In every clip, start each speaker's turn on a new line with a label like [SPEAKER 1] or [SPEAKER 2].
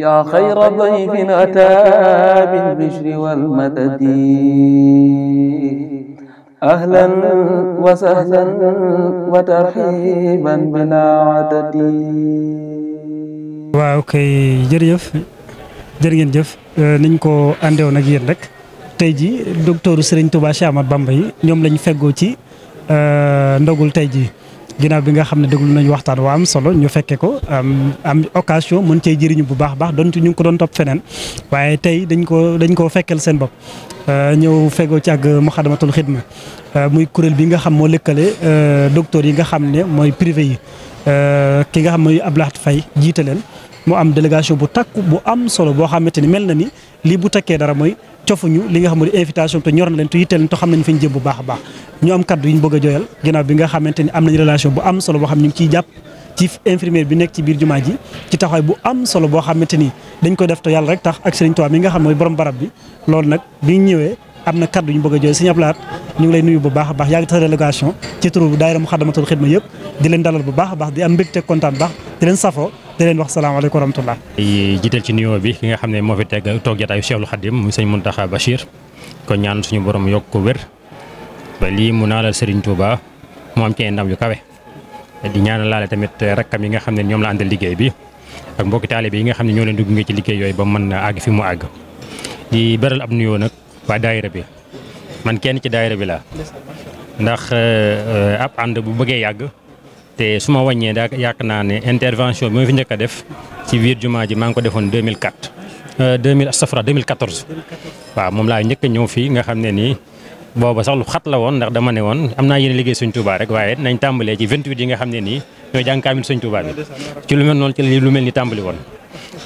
[SPEAKER 1] yaa xayra dayfin ataa bil bishri wal madadi ahlan wa sahlan wa tarxiiban bilaa adadi waaw kay jërëjëf jërë ngeen jëf euh, niñ ko àndewoon ak yéen rek tey ji docteuru Serigne Touba Cheikh Ahmadou Bamba yi ñoom lañ feggoo ci euh, ndogul tey ji ginnaaw bi nga xam ne déglu nañu waxtaan waa am solo ñu fekke ko am occasion mën cee jëriñu bu baax baax donte ñu ngi ko doon topp feneen waaye tey dañ ko dañ koo fekkal seen bopp euh, ñëw fegoo ci ak Moukhaddamatoul Khidma euh, muy kuréel bi nga xam moo lëkkale euh, docteur yi nga xam ne mooy privé yi ki nga xam mooy Abdoulaye Faye jiite leen mu am délégation bu takk bu am solo boo xamante ni mel na ni lii bu takkee dara mooy cofuñu li nga xam ne invitation te ñor na leen te yitteel leen te xam nañ fi ñu jëm bu baax a baax ñu am kaddu yu ñu bëgg a joyal bi nga am nañ relation bu am solo boo xam ñu ngi ciy jàpp ci infirmière bi am solo boo xamante ni dañ ko def te yàlla rek tax ak Serigne Touba mi nga xam mooy borom barab bi loolu nag bi ñu ñëwee am na kaddu yu ñu bëgg a joyal Serigne Ablaat ñu ngi lay nuyu bu baax a baax yaa ngi tax délégation ci turu daayira Muxaddamatul Xidma yëpp di leen dalal bu baax a baax di am mbégte kontaan baax di leen wax
[SPEAKER 2] jiital ci nuyoo bi ki nga xam ne moo fi teg toog jataayu Cheikhul Khadim mu sëñ Mountakha Bachir ko ñaan suñu borom yokk ko wér ba lii mu naalal Serigne Touba mu am ci ndam yu kawe di ñaanal laale tamit rakkam yi nga xam ne ñoom la àndal liggéey bi ak mbokki taalibe yi nga xam ne ñoo leen dugg nga ci liggéey yooyu ba mën a àgg fi mu àgg di beral ab nuyoo nag waa daayira bi man kenn ci daayira bi la ndax eh, eh, ab ànd bu bëggee yàgg. te su ma wàññee daa yàq naa ne intervention bi ma fi njëkk a def ci biir jumaa ji maa ngi ko defoon 2004 2000 euh, safra 2014 waaw moom laa njëkk a ñëw fii nga xam ne nii booba sax lu xat la woon ndax dama ne woon am naa yéen liggéey sëñ Touba rek waaye nañ tàmbalee ci 28 yi nga xam ne nii ñooy jàng kaamil sëñ Touba bi ci lu mel noonu lu mel ni tàmbali woon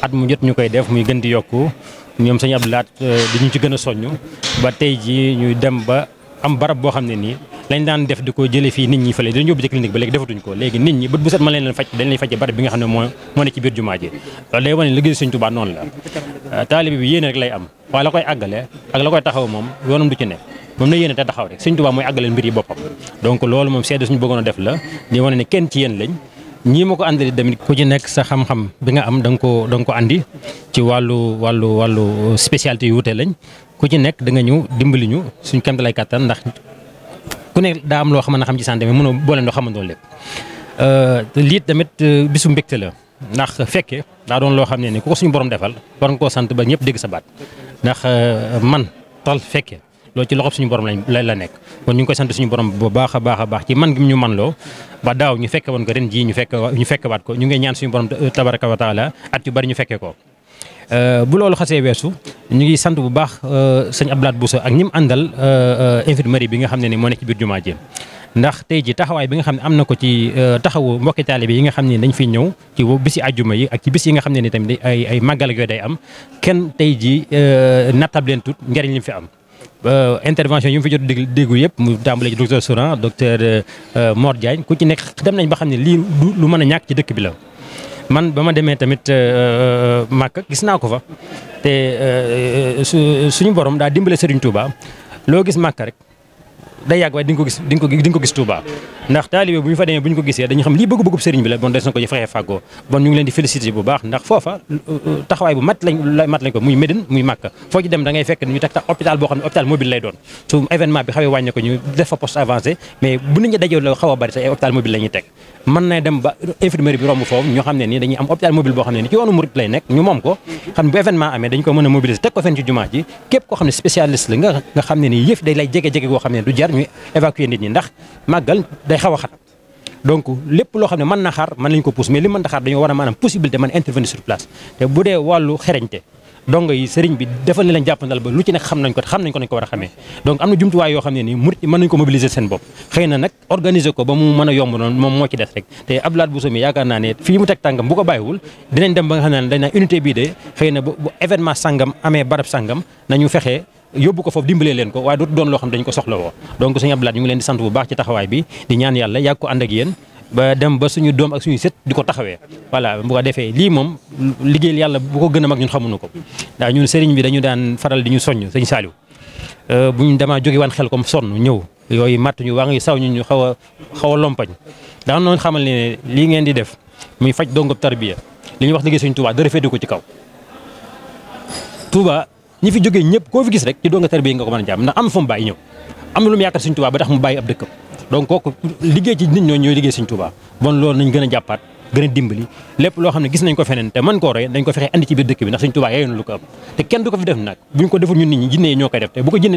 [SPEAKER 2] at mu jot ñu koy def muy gën di yokku ñoom sëñ Abdou Lahat euh, di ñu ci gën a soññ ba tey ji ñuy dem ba am barab boo xam ne nii lañu daan def di ko jëlee fii nit ñi fële dañu yóbbu ci clinique ba léegi defatuñ ko léegi nit ñi bët bu set ma leen leen faj dañ bi nga xam ne moo ne ci biir jumaa ji loolu day wane liggéey Sëñ Tuubaa noonu la euh, taalibe bi yéene rek lay am waaye la koy àggale ak la koy taxaw moom yoonam du ci ne moom ne yéene te taxaw rek Sëñ Tuubaa mooy àggale mbir yi boppam donc loolu moom seede suñu bëggoon a def la di wane ne kenn ci yéen lañ ñii ma ko nekk sa xam-xam bi nga am da nga da nga ko àndi wàllu wàllu wàllu spécialité yu wute lañ ku ci nekk da nga ñëw dimbali ñu suñ kam kàttan ndax ku ne daa am loo xam ne xam ci santé mais mënoo boole loo xamandoo lépp euh, lii tamit euh, bisu mbégte la ndax fekke daa doon loo xam ne ni ku ko suñu boroom defal war nga koo sant ba ñëpp dégg sa baat ndax euh, man tal fekke loolu ci loxob suñu borom lañ la nekk kon ñu ngi koy sant suñu borom bu baax a baax a baax ci man gi ñu man loo ba daaw ñu fekke woon ko ren jii ñu fekk ñu fekkewaat ko ñu ngi ñaan suñu borom tabaraka wa taala at yu bari ñu fekke ko Euh, bu loolu xasee weesu ñu ngi sant bu baax euh, sëñ Abdou Lahad Bousso ak ñi mu àndal euh, infirmerie bi nga xam ne ni moo nekk ci biir jumaa ji ndax tey ji taxawaay bi nga xam ne am na ko ci taxawu mbokki taalibe yi nga xam ne dañ fiy ñëw ci bisi àjjuma yi ak ci bis yi nga xam ne ni tamit ay ay màggal yooyu day am kenn tey ji nattab leen tut njëriñ li mu fi am intervention yi mu fi jot dégg déggu yëpp mu tàmbalee ci docteur Souran docteur Mor Diagne ku ci nekk dem nañ ba xam ne lii du lu mën a ñàkk ci dëkk bi la man ba ma demee tamit euh, euh, Màkka gis naa ko fa te euh, suñu borom daa dimbale Serigne Touba loo gis Màkka rek. day yàgg waaye di ko gis di ko gis Touba ndax taalibe bu ñu fa demee bu ñu ko gisee dañu xam lii bëgg-bëggub sëriñ bi la bon des na ko ci fexe fàggoo bon ñu ngi leen di féliciter bu baax ndax foofa euh, euh, taxawaay bu mat lañ ko muy Médine muy Màkka foo ci dem da ngay fekk ñu teg tax hôpital boo xam ne hôpital mobile lay teg mën na dem ba infirmerie bi romb foofu ñoo xam ne nii dañuy am hôpital mobile boo xam ne nii ci yoonu murit lay nekk ñu ndax màggal day xaw a xat donc lépp loo xam ne mën na xaar mën nañ ko pousse mais li mën na xaar dañoo war a maanaam mën intervenir ko war a xamee donc am na jumtuwaay yoo xam ne nii murit mën nañ seen bopp xëy na nag organiser ko ba mu mën a yomb noonu moom moo ci des rek te Abdoulaye Bousso mi yaakaar naa ne fii mu teg tàngam bu ko bàyyiwul dinañ dem ba nga xam ne nañu fexe yóbbu ko foofu dimbalee leen ko waaye dootu doon loo xam dañ ko soxla woo suñu Abdoulaye ñu ngi leen di sant bu baax ci taxawaay bi di ñaan yàlla yàgg ko ànd ak yéen ba dem ba suñu doom ak suñu sët di ko taxawee voilà bu ko defee lii moom liggéeyal yàlla bu ko gën a mag ñun xamuñu ko ndax ñun sëriñ bi dañu daan faral di ñu soññ sëñ Saliou euh, buñ damaa jóge waan xel comme sonn ñëw yooyu matt ñu waa ngi saw ñu ñu xaw a xaw a lompañ daan noonu xamal ne lii ngeen di def muy faj dongob tarbiya li wax liggéey suñ Touba dara féete ko ci kaw ñi fi jógee ñëpp koo fi gis rek ci doo nga tarbiya nga ko mën a jàmm ndax am fa mu bàyyi ñëw am na lu mu yaakaar Sëñ Tuubaa ba tax mu bàyyi ab dëkkam donc kooku liggéey ci nit ñooñu ñooy liggéey Sëñ Tuubaa bon loolu nañ gën jàppaat gën dimbali lépp loo xam ne gis nañ ko feneen te mën koo roy dañ ko fexe andi ci biir dëkk bi ndax Sëñ Tuubaa yaayoon lu ko am te kenn du ko fi def nag buñ ko deful ñun nit ñi jinne yi ñoo koy def te bu ko jinne